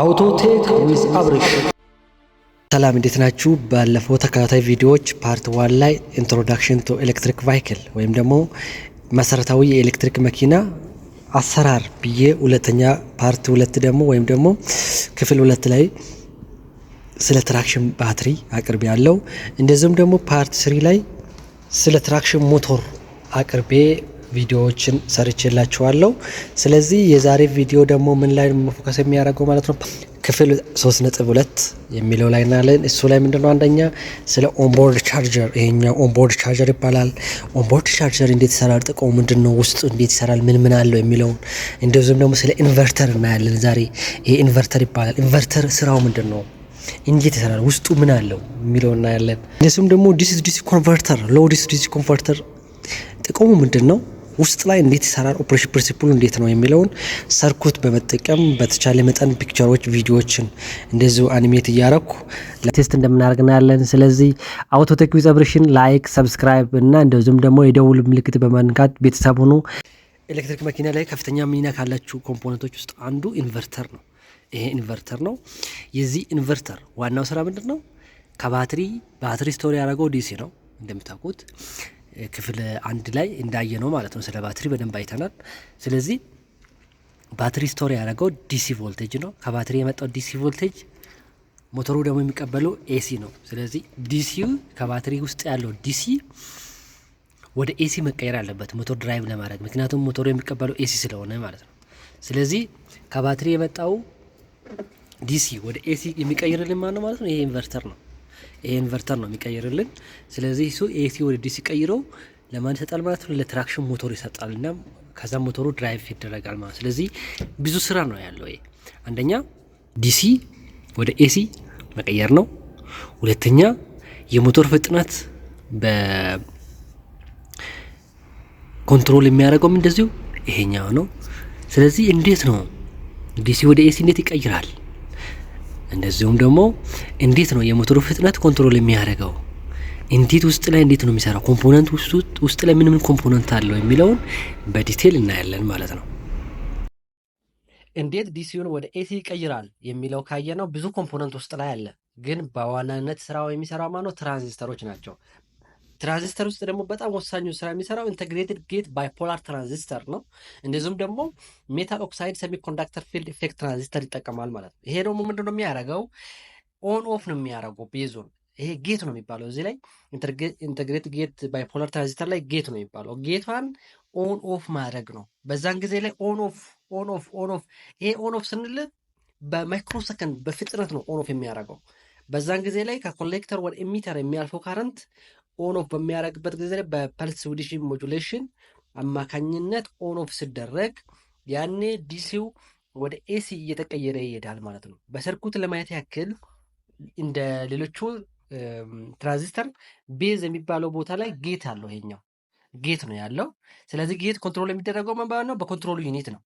አውቶቴክ ዊዝ አብሪሽ ሰላም እንዴት ናችሁ? ባለፈው ተከታታይ ቪዲዮዎች ፓርት ዋን ላይ ኢንትሮዳክሽን ቱ ኤሌክትሪክ ቫይክል ወይም ደግሞ መሰረታዊ የኤሌክትሪክ መኪና አሰራር ብዬ ሁለተኛ ፓርት ሁለት ደግሞ ወይም ደግሞ ክፍል ሁለት ላይ ስለ ትራክሽን ባትሪ አቅርቤ ያለው እንደዚሁም ደግሞ ፓርት ስሪ ላይ ስለ ትራክሽን ሞቶር አቅርቤ ቪዲዮዎችን ሰርችላችኋለሁ። ስለዚህ የዛሬ ቪዲዮ ደግሞ ምን ላይ መፎከስ የሚያደርገው ማለት ነው ክፍል 3.2 የሚለው ላይ እናለን። እሱ ላይ ምንድነው አንደኛ ስለ ኦንቦርድ ቻርጀር፣ ይሄኛው ኦንቦርድ ቻርጀር ይባላል። ኦንቦርድ ቻርጀር እንዴት ይሰራል፣ ጥቅሙ ነው፣ ውስጡ እንዴት ይሰራል፣ ምን ምን አለው የሚለውን እንደዚሁም ደግሞ ስለ ኢንቨርተር እናያለን ዛሬ። ይሄ ኢንቨርተር ይባላል። ኢንቨርተር ስራው ምንድን ነው እንዴት ይሰራል፣ ውስጡ ምን አለው የሚለው እናያለን። እንደዚሁም ደግሞ ዲሲ ዲሲ ኮንቨርተር፣ ሎ ዲሲ ዲሲ ኮንቨርተር ጥቅሙ ምንድን ነው ውስጥ ላይ እንዴት ይሰራል፣ ኦፕሬሽን ፕሪንሲፕሉ እንዴት ነው የሚለውን ሰርኩት በመጠቀም በተቻለ መጠን ፒክቸሮች፣ ቪዲዮዎችን እንደዚሁ አኒሜት እያረኩ ቴስት እንደምናደርግ እናያለን። ስለዚህ አውቶቴክ ዊዝ አብሬሽን ላይክ፣ ሰብስክራይብ እና እንደዚሁም ደግሞ የደውል ምልክት በመንካት ቤተሰብ ሁኑ። ኤሌክትሪክ መኪና ላይ ከፍተኛ ሚና ካላችሁ ኮምፖነንቶች ውስጥ አንዱ ኢንቨርተር ነው። ይሄ ኢንቨርተር ነው። የዚህ ኢንቨርተር ዋናው ስራ ምንድን ነው? ከባትሪ ባትሪ ስቶሪ ያደረገው ዲሲ ነው እንደምታውቁት ክፍል አንድ ላይ እንዳየ ነው ማለት ነው። ስለ ባትሪ በደንብ አይተናል። ስለዚህ ባትሪ ስቶር ያደረገው ዲሲ ቮልቴጅ ነው። ከባትሪ የመጣው ዲሲ ቮልቴጅ ሞተሩ ደግሞ የሚቀበለው ኤሲ ነው። ስለዚህ ዲሲ ከባትሪ ውስጥ ያለው ዲሲ ወደ ኤሲ መቀየር አለበት ሞተር ድራይቭ ለማድረግ ምክንያቱም ሞተሩ የሚቀበለው ኤሲ ስለሆነ ማለት ነው። ስለዚህ ከባትሪ የመጣው ዲሲ ወደ ኤሲ የሚቀይርልን ማን ነው ማለት ነው? ይሄ ኢንቨርተር ነው። ይሄ ኢንቨርተር ነው የሚቀይርልን። ስለዚህ ሱ ኤሲ ወደ ዲሲ ቀይረው ለማን ይሰጣል ማለት ነው? ለትራክሽን ሞተሩ ይሰጣል እና ከዛ ሞተሩ ድራይቭ ይደረጋል ማለት። ስለዚህ ብዙ ስራ ነው ያለው ይሄ። አንደኛ ዲሲ ወደ ኤሲ መቀየር ነው። ሁለተኛ የሞተር ፍጥነት በኮንትሮል የሚያደርገውም እንደዚሁ ይሄኛው ነው። ስለዚህ እንዴት ነው ዲሲ ወደ ኤሲ እንዴት ይቀይራል? እንደዚሁም ደግሞ እንዴት ነው የሞተሩ ፍጥነት ኮንትሮል የሚያደርገው እንዴት ውስጥ ላይ እንዴት ነው የሚሰራው ኮምፖነንት ውስጥ ላይ ምን ምን ኮምፖነንት አለው የሚለውን በዲቴል እናያለን ማለት ነው። እንዴት ዲሲዩን ወደ ኤሲ ይቀይራል የሚለው ካየ ነው ብዙ ኮምፖነንት ውስጥ ላይ አለ። ግን በዋናነት ስራው የሚሰራው ማነው? ትራንዚስተሮች ናቸው። ትራንዚስተር ውስጥ ደግሞ በጣም ወሳኙ ስራ የሚሰራው ኢንተግሬትድ ጌት ባይፖላር ትራንዚስተር ነው። እንደዚሁም ደግሞ ሜታል ኦክሳይድ ሴሚኮንዳክተር ፊልድ ኢፌክት ትራንዚስተር ይጠቀማል ማለት ነው። ይሄ ደግሞ ምንድነው የሚያደርገው? ኦን ኦፍ ነው የሚያደርገው ቤዞን ይሄ ጌት ነው የሚባለው። እዚህ ላይ ኢንተግሬት ጌት ባይፖላር ትራንዚስተር ላይ ጌት ነው የሚባለው። ጌቷን ኦን ኦፍ ማድረግ ነው። በዛን ጊዜ ላይ ኦን ኦፍ ኦን ኦፍ ኦን ኦፍ ይሄ ኦን ኦፍ ስንል በማይክሮሰከንድ በፍጥነት ነው ኦን ኦፍ የሚያደርገው። በዛን ጊዜ ላይ ከኮሌክተር ወደ ኤሚተር የሚያልፈው ካረንት ኦን ኦፍ በሚያደርግበት ጊዜ በፐልስ ዊድሽ ሞጁሌሽን አማካኝነት ኦን ኦፍ ሲደረግ ያኔ ዲሲው ወደ ኤሲ እየተቀየረ ይሄዳል ማለት ነው። በሰርኩት ለማየት ያክል እንደ ሌሎቹ ትራንዚስተር ቤዝ የሚባለው ቦታ ላይ ጌት አለው። ይሄኛው ጌት ነው ያለው። ስለዚህ ጌት ኮንትሮል የሚደረገው መንባብ ነው በኮንትሮሉ ዩኒት ነው።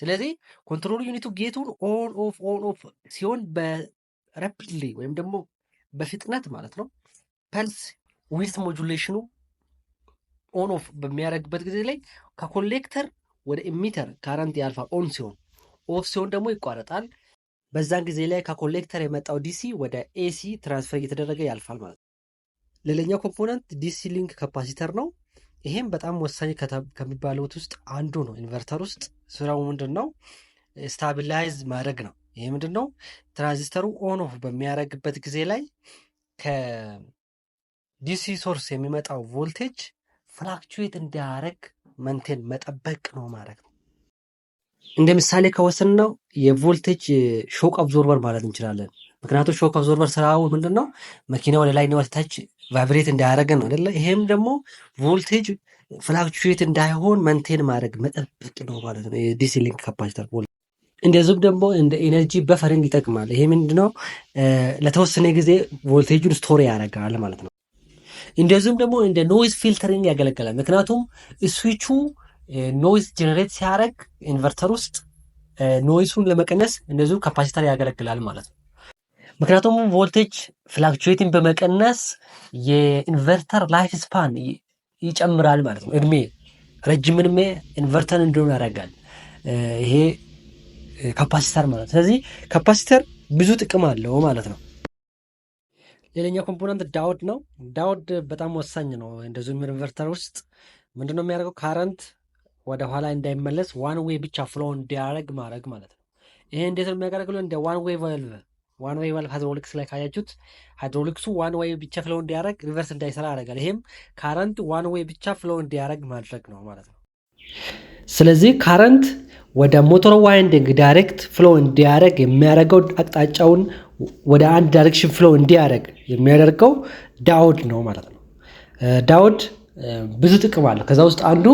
ስለዚህ ኮንትሮሉ ዩኒቱ ጌቱን ኦን ኦፍ ኦን ኦፍ ሲሆን በረፒድሊ ወይም ደግሞ በፍጥነት ማለት ነው ፐልስ ዊዝ ሞጁሌሽኑ ኦን ኦፍ በሚያደርግበት ጊዜ ላይ ከኮሌክተር ወደ ኢሚተር ካረንት ያልፋል። ኦን ሲሆን ኦፍ ሲሆን ደግሞ ይቋረጣል። በዛን ጊዜ ላይ ከኮሌክተር የመጣው ዲሲ ወደ ኤሲ ትራንስፈር እየተደረገ ያልፋል ማለት ነው። ሌላኛው ኮምፖነንት ዲሲ ሊንክ ካፓሲተር ነው። ይሄም በጣም ወሳኝ ከሚባሉት ውስጥ አንዱ ነው። ኢንቨርተር ውስጥ ስራው ምንድን ነው? ስታቢላይዝ ማድረግ ነው። ይሄ ምንድን ነው? ትራንዚስተሩ ኦን ኦፍ በሚያደርግበት ጊዜ ላይ ዲሲ ሶርስ የሚመጣው ቮልቴጅ ፍላክቹዌት እንዲያደርግ መንቴን መጠበቅ ነው ማለት ነው። እንደ ምሳሌ ከወሰን ነው የቮልቴጅ ሾክ አብዞርበር ማለት እንችላለን። ምክንያቱም ሾክ አብዞርበር ስራው ምንድን ነው? መኪና ወደ ላይ ወደ ቫይብሬት እንዳያደረገ ነው አይደለ? ይሄም ደግሞ ቮልቴጅ ፍላክቹዌት እንዳይሆን መንቴን ማድረግ መጠበቅ ነው ማለት ነው። የዲሲ ሊንክ ካፓሲተር እንደዚሁም ደግሞ እንደ ኤነርጂ በፈሪንግ ይጠቅማል። ይሄ ምንድነው? ለተወሰነ ጊዜ ቮልቴጁን ስቶር ያደርጋል ማለት ነው። እንደዚሁም ደግሞ እንደ ኖይዝ ፊልተሪንግ ያገለግላል። ምክንያቱም ስዊቹ ኖይዝ ጀነሬት ሲያደርግ ኢንቨርተር ውስጥ ኖይሱን eh, ለመቀነስ እንደዚሁ ካፓሲተር ያገለግላል ማለት ነው። ምክንያቱም ቮልቴጅ ፍላክቹዌትን በመቀነስ የኢንቨርተር ላይፍ ስፓን ይጨምራል ማለት ነው። እድሜ ረጅም እድሜ ኢንቨርተር እንዲሆን ያደርጋል ይሄ ካፓሲተር eh, ማለት። ስለዚህ ካፓሲተር ብዙ ጥቅም አለው ማለት ነው። ሌላኛው ኮምፖነንት ዳውድ ነው። ዳውድ በጣም ወሳኝ ነው። እንደ ዙሚር ኢንቨርተር ውስጥ ምንድነው የሚያደርገው? ካረንት ወደ ኋላ እንዳይመለስ ዋን ዌይ ብቻ ፍሎ እንዲያደርግ ማድረግ ማለት ነው። ይሄ እንዴት ነው የሚያገለግለው? እንደ ዋን ዌይ ቫልቭ ዋን ዌይ ቫልቭ ሃይድሮሊክስ ላይ ካያችሁት ሃይድሮሊክሱ ዋን ዌይ ብቻ ፍሎ እንዲያደርግ ሪቨርስ እንዳይሰራ ያደርጋል። ይሄም ካረንት ዋን ዌይ ብቻ ፍሎ እንዲያደርግ ማድረግ ነው ማለት ነው። ስለዚህ ካረንት ወደ ሞተር ዋይንዲንግ ዳይሬክት ፍሎ እንዲያደርግ የሚያደርገው አቅጣጫውን ወደ አንድ ዳይሬክሽን ፍሎ እንዲያደርግ የሚያደርገው ዳውድ ነው ማለት ነው። ዳውድ ብዙ ጥቅም አለው። ከዛ ውስጥ አንዱ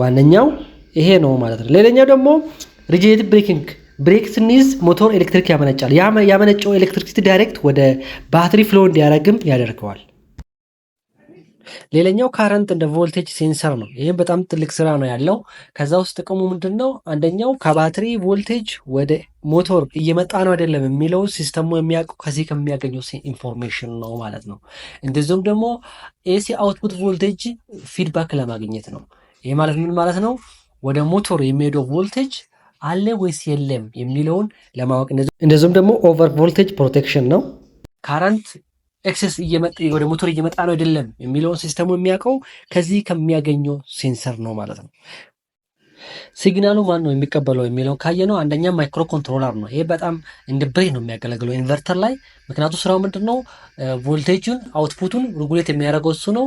ዋነኛው ይሄ ነው ማለት ነው። ሌላኛው ደግሞ ሪጅኔቲቭ ብሬኪንግ ብሬክ ስኒዝ ሞተር ኤሌክትሪክ ያመነጫል። ያመነጨው ኤሌክትሪክሲቲ ዳይሬክት ወደ ባትሪ ፍሎ እንዲያደርግም ያደርገዋል። ሌላኛው ካረንት እንደ ቮልቴጅ ሴንሰር ነው። ይህም በጣም ትልቅ ስራ ነው ያለው። ከዛ ውስጥ ጥቅሙ ምንድን ነው? አንደኛው ከባትሪ ቮልቴጅ ወደ ሞቶር እየመጣ ነው አይደለም የሚለው ሲስተሙ የሚያውቁ ከዚህ ከሚያገኘው ኢንፎርሜሽን ነው ማለት ነው። እንደዚሁም ደግሞ ኤሲ አውትፑት ቮልቴጅ ፊድባክ ለማግኘት ነው። ይህ ማለት ምን ማለት ነው? ወደ ሞቶር የሚሄደው ቮልቴጅ አለ ወይስ የለም የሚለውን ለማወቅ እንደዚሁም ደግሞ ኦቨር ቮልቴጅ ፕሮቴክሽን ነው ካረንት ኤክሰስ እየመጣ ወደ ሞተር እየመጣ ነው አይደለም የሚለውን ሲስተሙ የሚያውቀው ከዚህ ከሚያገኘው ሴንሰር ነው ማለት ነው። ሲግናሉ ማን ነው የሚቀበለው የሚለውን ካየ ነው አንደኛ ማይክሮ ኮንትሮለር ነው። ይሄ በጣም እንደ ብሬን ነው የሚያገለግለው ኢንቨርተር ላይ። ምክንያቱ ስራው ምንድን ነው? ቮልቴጁን አውትፑቱን ሬጉሌት የሚያደርገው እሱ ነው።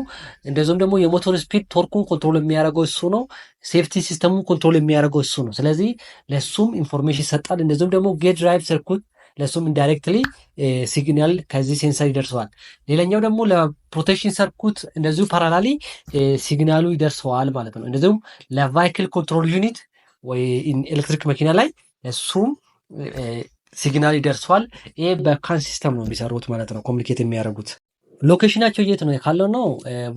እንደዚሁም ደግሞ የሞተር ስፒድ ቶርኩን ኮንትሮል የሚያደርገው እሱ ነው። ሴፍቲ ሲስተሙን ኮንትሮል የሚያደርገው እሱ ነው። ስለዚህ ለእሱም ኢንፎርሜሽን ይሰጣል። እንደዚሁም ደግሞ ጌት ድራይቭ ሰርኩት ለእሱም ኢንዳይሬክትሊ ሲግናል ከዚህ ሴንሰር ይደርሰዋል። ሌላኛው ደግሞ ለፕሮቴክሽን ሰርኩት እንደዚሁ ፓራላሊ ሲግናሉ eh, ይደርሰዋል ማለት ነው። እንደዚሁም ለቫይክል ኮንትሮል ዩኒት ወይ ኤሌክትሪክ መኪና ላይ እሱም ሲግናል eh, ይደርሰዋል። ይ በካን ሲስተም ነው የሚሰሩት ማለት ነው ኮሚኒኬት የሚያደርጉት ሎኬሽናቸው የት ነው ካለው ነው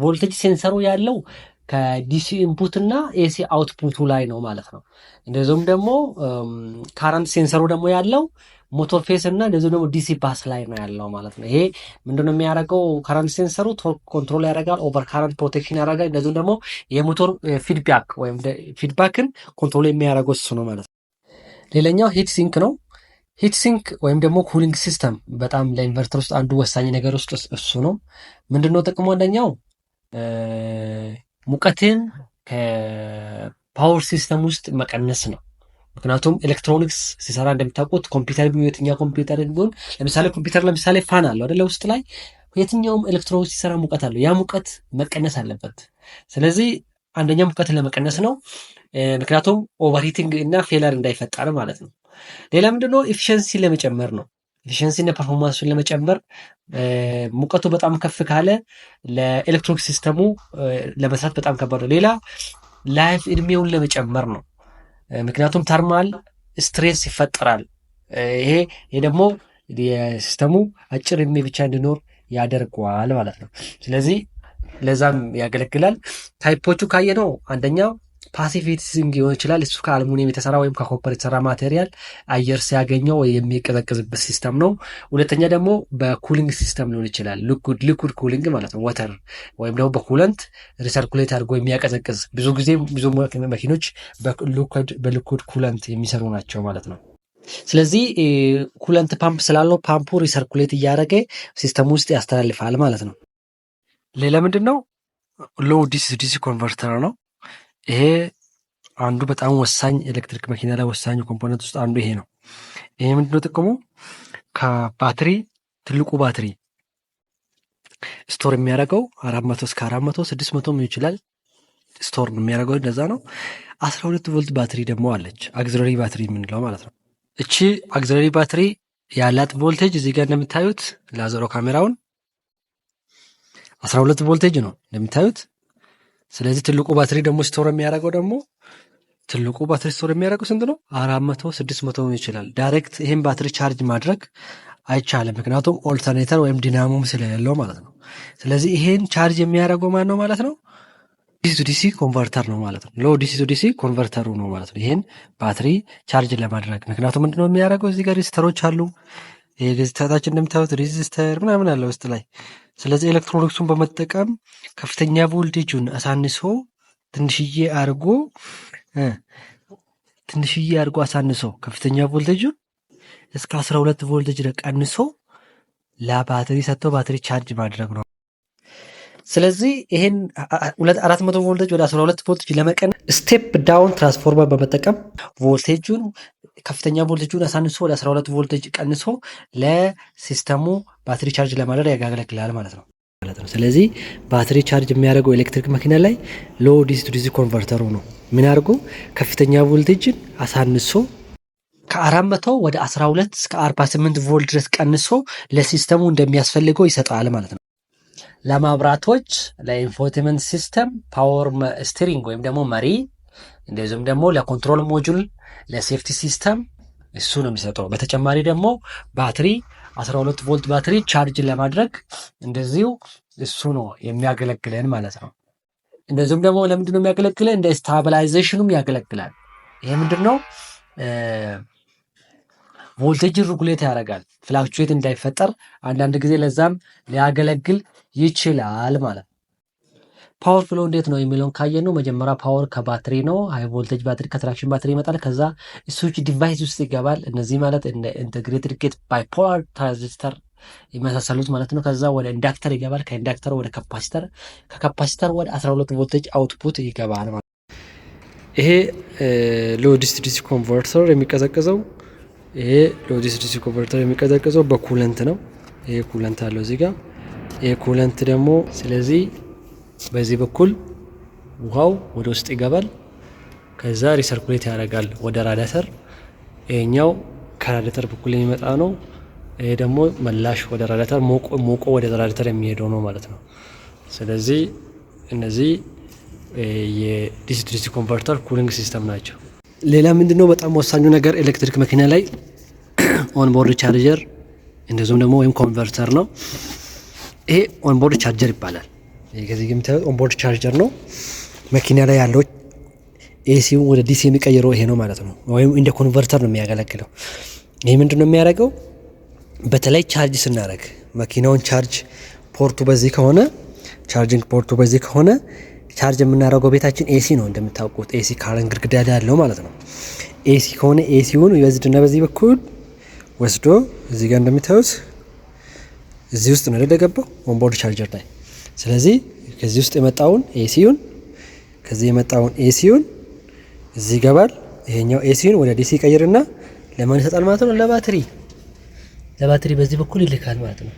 ቮልቴጅ eh, ሴንሰሩ ያለው ከዲሲ ኢንፑት እና ኤሲ አውትፑቱ ላይ ነው ማለት ነው። እንደዚሁም ደግሞ ካረንት um, ሴንሰሩ ደግሞ ያለው ፌስ እና እንደዚሁ ደግሞ ዲሲ ባስ ላይ ነው ያለው ማለት ነው። ይሄ ምንድነው የሚያደርገው? ከረንት ሴንሰሩ ኮንትሮል ያደርጋል፣ ኦቨር ካረንት ፕሮቴክሽን ያደርጋል። እንደዚሁም ደግሞ የሞቶር ፊድባክ ወይም ፊድባክን ኮንትሮል የሚያደርገው እሱ ነው ማለት ነው። ሌላኛው ሂት ሲንክ ነው። ሂት ሲንክ ወይም ደግሞ ኩሊንግ ሲስተም በጣም ለኢንቨርተር ውስጥ አንዱ ወሳኝ ነገር ውስጥ እሱ ነው። ምንድነው ጥቅሙ? አንደኛው ሙቀትን ከፓወር ሲስተም ውስጥ መቀነስ ነው። ምክንያቱም ኤሌክትሮኒክስ ሲሰራ እንደምታውቁት ኮምፒውተር የትኛ ኮምፒውተር ቢሆን ለምሳሌ ኮምፒውተር ለምሳሌ ፋን አለው አደለ ውስጥ ላይ የትኛውም ኤሌክትሮኒክስ ሲሰራ ሙቀት አለው ያ ሙቀት መቀነስ አለበት ስለዚህ አንደኛ ሙቀትን ለመቀነስ ነው ምክንያቱም ኦቨርሂቲንግ እና ፌለር እንዳይፈጠር ማለት ነው ሌላ ምንድነው ኤፊሽንሲ ለመጨመር ነው ኤፊሽንሲ እና ፐርፎርማንሱን ለመጨመር ሙቀቱ በጣም ከፍ ካለ ለኤሌክትሮኒክስ ሲስተሙ ለመስራት በጣም ከባድ ነው ሌላ ላይፍ እድሜውን ለመጨመር ነው ምክንያቱም ተርማል ስትሬስ ይፈጠራል። ይሄ ይሄ ደግሞ የሲስተሙ አጭር እድሜ ብቻ እንዲኖር ያደርገዋል ማለት ነው። ስለዚህ ለዛም ያገለግላል። ታይፖቹ ካየ ነው አንደኛው ፓሲፊቲዝም ሊሆን ይችላል። እሱ ከአልሙኒየም የተሰራ ወይም ከኮፐር የተሰራ ማቴሪያል አየር ሲያገኘው የሚቀዘቅዝበት ሲስተም ነው። ሁለተኛ ደግሞ በኩሊንግ ሲስተም ሊሆን ይችላል። ሊኩድ ኩሊንግ ማለት ነው። ወተር ወይም ደግሞ በኩለንት ሪሰርኩሌት አድርጎ የሚያቀዘቅዝ ብዙ ጊዜ ብዙ መኪኖች በሊኩድ ኩለንት የሚሰሩ ናቸው ማለት ነው። ስለዚህ ኩለንት ፓምፕ ስላለው ፓምፑ ሪሰርኩሌት እያደረገ ሲስተም ውስጥ ያስተላልፋል ማለት ነው። ሌላ ምንድን ነው? ሎው ዲሲ ዲሲ ኮንቨርተር ነው። ይሄ አንዱ በጣም ወሳኝ ኤሌክትሪክ መኪና ላይ ወሳኝ ኮምፖነንት ውስጥ አንዱ ይሄ ነው። ይሄ ምንድነው ጥቅሙ? ከባትሪ ትልቁ ባትሪ ስቶር የሚያደርገው አራት መቶ እስከ አራት መቶ ስድስት መቶ ምን ይችላል ስቶር ነው የሚያደርገው። እንደዛ ነው። አስራ ሁለት ቮልት ባትሪ ደግሞ አለች፣ አግዝለሪ ባትሪ የምንለው ማለት ነው። እቺ አግዝለሪ ባትሪ ያላት ቮልቴጅ እዚህ ጋር እንደምታዩት ላዘሮ ካሜራውን አስራ ሁለት ቮልቴጅ ነው እንደምታዩት ስለዚህ ትልቁ ባትሪ ደግሞ ስቶር የሚያደርገው ደግሞ ትልቁ ባትሪ ስቶር የሚያደርገው ስንት ነው? አራት መቶ ስድስት መቶ ይችላል። ዳይሬክት ይህን ባትሪ ቻርጅ ማድረግ አይቻልም፣ ምክንያቱም ኦልተርኔተር ወይም ዲናሞም ስለሌለው ማለት ነው። ስለዚህ ይሄን ቻርጅ የሚያደርገው ማን ነው ማለት ነው? ዲሲ ቱ ዲሲ ኮንቨርተር ነው ማለት ነው። ሎ ዲሲ ቱ ዲሲ ኮንቨርተሩ ነው ማለት ነው። ይሄን ባትሪ ቻርጅ ለማድረግ ምክንያቱም ምንድነው የሚያደርገው እዚህ ጋር ሬዚስተሮች አሉ ይሄ ገጽታታችን እንደምታዩት ሬዚስተር ምናምን አለ ውስጥ ላይ። ስለዚህ ኤሌክትሮኒክሱን በመጠቀም ከፍተኛ ቮልቴጁን አሳንሶ ትንሽዬ አርጎ ትንሽዬ አርጎ አሳንሶ ከፍተኛ ቮልቴጁን እስከ 12 ቮልቴጅ ቀንሶ ለባትሪ ሰጥቶ ባትሪ ቻርጅ ማድረግ ነው። ስለዚህ ይሄን 400 ቮልቴጅ ወደ 12 ቮልቴጅ ለመቀነስ ስቴፕ ዳውን ትራንስፎርመር በመጠቀም ቮልቴጁን ከፍተኛ ቮልቴጁን አሳንሶ ወደ 12 ቮልቴጅ ቀንሶ ለሲስተሙ ባትሪ ቻርጅ ለማድረግ ያገለግላል ማለት ነው ማለት ነው። ስለዚህ ባትሪ ቻርጅ የሚያደርገው ኤሌክትሪክ መኪና ላይ ሎ ዲሲ ቱ ዲሲ ኮንቨርተሩ ነው ምን አድርጎ ከፍተኛ ቮልቴጅን አሳንሶ ከ ወደ 12 እስከ 48 ቮልት ድረስ ቀንሶ ለሲስተሙ እንደሚያስፈልገው ይሰጣል ማለት ነው። ለማብራቶች፣ ለኢንፎቴመንት ሲስተም፣ ፓወር ስቲሪንግ ወይም ደግሞ መሪ እንደዚሁም ደግሞ ለኮንትሮል ሞጁል ለሴፍቲ ሲስተም እሱ ነው የሚሰጠው። በተጨማሪ ደግሞ ባትሪ 12 ቮልት ባትሪ ቻርጅ ለማድረግ እንደዚሁ እሱ ነው የሚያገለግለን ማለት ነው። እንደዚሁም ደግሞ ለምንድን ነው የሚያገለግለን? እንደ ስታብላይዜሽኑም ያገለግላል። ይሄ ምንድን ነው ቮልቴጅ ሩጉሌት ያደርጋል፣ ፍላክቹዌት እንዳይፈጠር አንዳንድ ጊዜ ለዛም ሊያገለግል ይችላል ማለት ነው። ፓወር ፍሎ እንዴት ነው የሚለውን ካየ ነው መጀመሪያ ፓወር ከባትሪ ነው ሃይ ቮልቴጅ ባትሪ ከትራክሽን ባትሪ ይመጣል። ከዛ ስዊች ዲቫይስ ውስጥ ይገባል። እነዚህ ማለት ኢንተግሬትድ ጌት ባይፖላር ትራንዚስተር የመሳሰሉት ማለት ነው። ከዛ ወደ ኢንዳክተር ይገባል። ከኢንዳክተር ወደ ካፓሲተር፣ ከካፓሲተር ወደ 12 ቮልቴጅ አውትፑት ይገባል ማለት ይሄ ሎዲስ ዲሲ ኮንቨርተር የሚቀዘቅዘው ይሄ ሎዲስ ዲሲ ኮንቨርተር የሚቀዘቅዘው በኩለንት ነው። ይሄ ኩለንት አለው እዚህ ጋር ይሄ ኩለንት ደግሞ ስለዚህ በዚህ በኩል ውሃው ወደ ውስጥ ይገባል። ከዛ ሪሰርኩሌት ያደርጋል ወደ ራዳተር ይሄኛው ከራዳተር በኩል የሚመጣ ነው። ይሄ ደግሞ መላሽ ወደ ራዳተር ሞቆ ወደ ራዳተር የሚሄደው ነው ማለት ነው። ስለዚህ እነዚህ የዲሲ ዲሲ ኮንቨርተር ኩሊንግ ሲስተም ናቸው። ሌላ ምንድነው በጣም ወሳኙ ነገር ኤሌክትሪክ መኪና ላይ ኦንቦርድ ቻርጀር እንደዚሁም ደግሞ ወይም ኮንቨርተር ነው። ይሄ ኦንቦርድ ቻርጀር ይባላል። ከዚህ የምታዩት ኦንቦርድ ቻርጀር ነው። መኪና ላይ ያለው ኤሲውን ወደ ዲሲ የሚቀይረው ይሄ ነው ማለት ነው። ወይም እንደ ኮንቨርተር ነው የሚያገለግለው። ይህ ምንድን ነው የሚያደርገው? በተለይ ቻርጅ ስናደርግ መኪናውን ቻርጅ ፖርቱ በዚህ ከሆነ ቻርጅንግ ፖርቱ በዚህ ከሆነ ቻርጅ የምናደርገው ቤታችን ኤሲ ነው እንደምታውቁት፣ ኤሲ ካረን ግድግዳ ያለው ማለት ነው። ኤሲ ከሆነ ኤሲውን ይወስድና በዚህ በኩል ወስዶ እዚህ ጋር እንደምታዩት እዚህ ውስጥ ነው ደደገባው ኦንቦርድ ቻርጀር ላይ ስለዚህ ከዚህ ውስጥ የመጣውን ኤሲዩን ከዚህ የመጣውን ኤሲዩን እዚህ ይገባል። ይሄኛው ኤሲዩን ወደ ዲሲ ይቀይርና ለማን ይሰጣል ማለት ነው? ለባትሪ ለባትሪ በዚህ በኩል ይልካል ማለት ነው።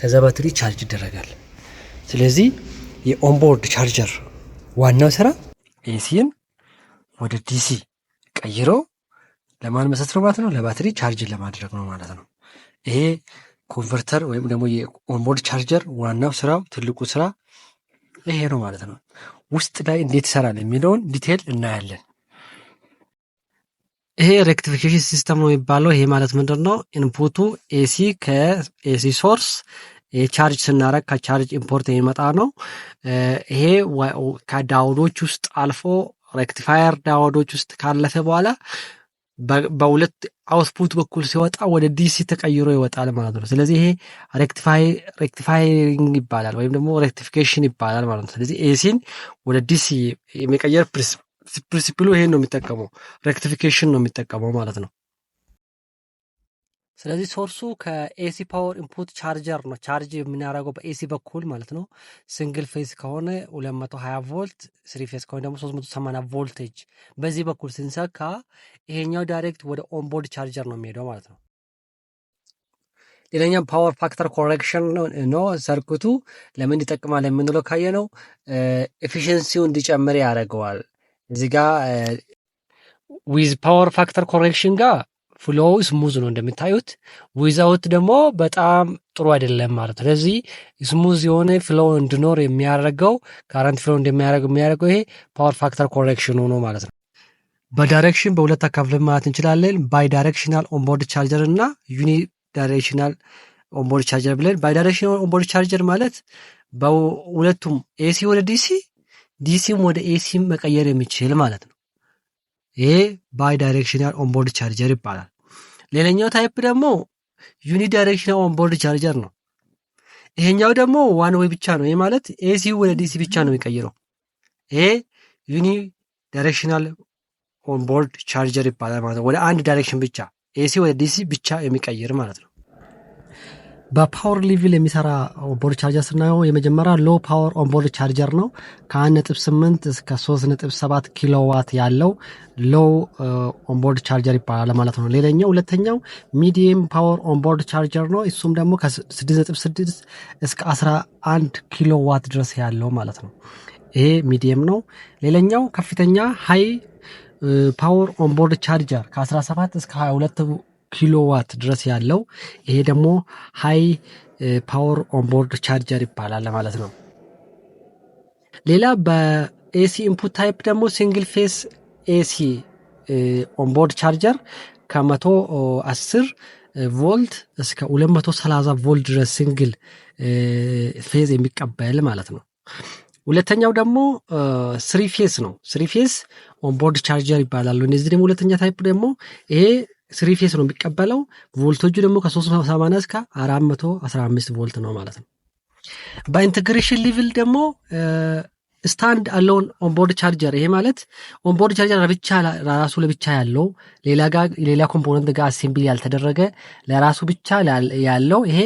ከዛ ባትሪ ቻርጅ ይደረጋል። ስለዚህ የኦንቦርድ ቻርጀር ዋናው ስራ ኤሲን ወደ ዲሲ ቀይሮ ለማን መሰት ነው ማለት ነው? ለባትሪ ቻርጅ ለማድረግ ነው ማለት ነው። ይሄ ኮንቨርተር ወይም ደግሞ የኦንቦርድ ቻርጀር ዋናው ስራው ትልቁ ስራ ይሄ ነው ማለት ነው። ውስጥ ላይ እንዴት ይሰራል የሚለውን ዲቴል እናያለን። ይሄ ሬክቲፊኬሽን ሲስተም ነው የሚባለው። ይሄ ማለት ምንድን ነው? ኢንፑቱ ኤሲ ከኤሲ ሶርስ የቻርጅ ስናረግ ከቻርጅ ኢምፖርት የሚመጣ ነው። ይሄ ከዳውዶች ውስጥ አልፎ ሬክቲፋየር ዳውዶች ውስጥ ካለፈ በኋላ በሁለት አውትፑት በኩል ሲወጣ ወደ ዲሲ ተቀይሮ ይወጣል ማለት ነው። ስለዚህ ይሄ ሬክቲፋይሪንግ ይባላል ወይም ደግሞ ሬክቲፊኬሽን ይባላል ማለት ነው። ስለዚህ ኤሲን ወደ ዲሲ የመቀየር ፕሪንሲፕሉ ይሄን ነው የሚጠቀመው፣ ሬክቲፊኬሽን ነው የሚጠቀመው ማለት ነው። ስለዚህ ሶርሱ ከኤሲ ፓወር ኢንፑት ቻርጀር ነው። ቻርጅ የምናደርገው በኤሲ በኩል ማለት ነው። ሲንግል ፌዝ ከሆነ 220 ቮልት፣ ስሪ ፌዝ ከሆነ ደግሞ 380 ቮልቴጅ በዚህ በኩል ስንሰካ ይሄኛው ዳይሬክት ወደ ኦንቦርድ ቻርጀር ነው የሚሄደው ማለት ነው። ሌላኛው ፓወር ፋክተር ኮሬክሽን ነው። ሰርክቱ ለምን ይጠቅማል የምንለው ካየ ነው ኤፊሽንሲው እንዲጨምር ያደርገዋል። እዚህ ጋር ዊዝ ፓወር ፋክተር ኮሬክሽን ጋር ፍሎው ስሙዝ ነው እንደምታዩት። ዊዛውት ደግሞ በጣም ጥሩ አይደለም ማለት ስለዚህ ስሙዝ የሆነ ፍሎው እንዲኖር የሚያደርገው ካረንት ፍሎው እንደሚያደርገው የሚያደርገው ይሄ ፓወር ፋክተር ኮሬክሽን ሆኖ ማለት ነው። በዳይሬክሽን በሁለት አካፍለን ማለት እንችላለን። ባይ ዳይሬክሽናል ኦንቦርድ ቻርጀር እና ዩኒ ዳይሬክሽናል ኦንቦርድ ቻርጀር ብለን ባይ ዳይሬክሽናል ኦንቦርድ ቻርጀር ማለት በሁለቱም ኤሲ ወደ ዲሲ ዲሲም ወደ ኤሲ መቀየር የሚችል ማለት ነው። ይሄ ባይ ዳይሬክሽናል ኦንቦርድ ቻርጀር ይባላል። ሌላኛው ታይፕ ደግሞ ዩኒ ዳይሬክሽናል ኦንቦርድ ቻርጀር ነው። ይሄኛው ደግሞ ዋን ወይ ብቻ ነው። ይህ ማለት ኤሲ ወደ ዲሲ ብቻ ነው የሚቀይረው። ይሄ ዩኒ ዳይሬክሽናል ኦንቦርድ ቻርጀር ይባላል ማለት ነው። ወደ አንድ ዳይሬክሽን ብቻ ኤሲ ወደ ዲሲ ብቻ የሚቀይር ማለት ነው። በፓወር ሊቪል የሚሰራ ኦንቦርድ ቻርጀር ስናየው የመጀመሪያ ሎ ፓወር ኦንቦርድ ቻርጀር ነው። ከ1.8 እስከ 3.7 ኪሎዋት ያለው ሎው ኦንቦርድ ቻርጀር ይባላል ማለት ነው። ሌላኛው ሁለተኛው ሚዲየም ፓወር ኦንቦርድ ቻርጀር ነው። እሱም ደግሞ ከ6.6 እስከ 11 ኪሎዋት ድረስ ያለው ማለት ነው። ይሄ ሚዲየም ነው። ሌላኛው ከፍተኛ ሃይ ፓወር ኦንቦርድ ቻርጀር ከ17 እስከ 22 ኪሎዋት ድረስ ያለው ይሄ ደግሞ ሃይ ፓወር ኦንቦርድ ቻርጀር ይባላል ለማለት ነው። ሌላ በኤሲ ኢንፑት ታይፕ ደግሞ ሲንግል ፌስ ኤሲ ኦንቦርድ ቻርጀር ከ110 ቮልት እስከ 230 ቮልት ድረስ ሲንግል ፌዝ የሚቀበል ማለት ነው። ሁለተኛው ደግሞ ስሪ ፌስ ነው። ስሪ ፌስ ኦንቦርድ ቻርጀር ይባላሉ። እነዚህ ደግሞ ሁለተኛ ታይፕ ደግሞ ይሄ ስሪ ፌስ ነው የሚቀበለው። ቮልቶጁ ደግሞ ከ380 እስከ 415 ቮልት ነው ማለት ነው። በኢንቴግሬሽን ሌቭል ደግሞ ስታንድ አለውን ኦንቦርድ ቻርጀር፣ ይሄ ማለት ኦንቦርድ ቻርጀር ለብቻ ለራሱ ለብቻ ያለው ሌላ ኮምፖነንት ጋር አሴምብል ያልተደረገ ለራሱ ብቻ ያለው ይሄ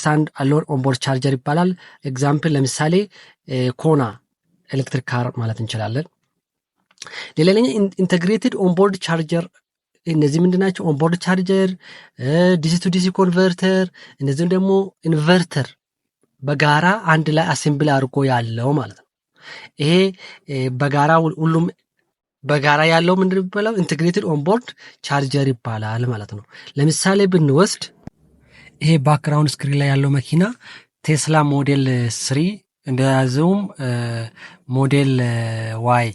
ስታንድ አለውን ኦንቦርድ ቻርጀር ይባላል። ኤግዛምፕል ለምሳሌ ኮና ኤሌክትሪክ ካር ማለት እንችላለን። ሌላኛ ኢንተግሬትድ ኦንቦርድ ቻርጀር እነዚህ ምንድናቸው? ኦንቦርድ ቻርጀር፣ ዲሲ ቱ ዲሲ ኮንቨርተር፣ እነዚህም ደግሞ ኢንቨርተር በጋራ አንድ ላይ አሴምብል አድርጎ ያለው ማለት ነው። ይሄ በጋራ ሁሉም በጋራ ያለው ምንድን ይባላል? ኢንቴግሬትድ ኦንቦርድ ቻርጀር ይባላል ማለት ነው። ለምሳሌ ብንወስድ ይሄ ባክግራውንድ ስክሪን ላይ ያለው መኪና ቴስላ ሞዴል ስሪ እንደያዘውም ሞዴል ዋይ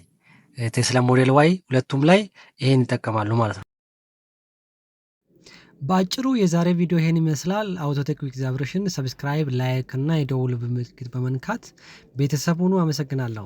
ቴስላ ሞዴል ዋይ ሁለቱም ላይ ይሄን ይጠቀማሉ ማለት ነው። በአጭሩ የዛሬ ቪዲዮ ይሄን ይመስላል። አውቶቴክ ዊዝ ሰብስክራይብ፣ ላይክ እና የደውል ምልክት በመንካት ቤተሰብ አመሰግናለሁ።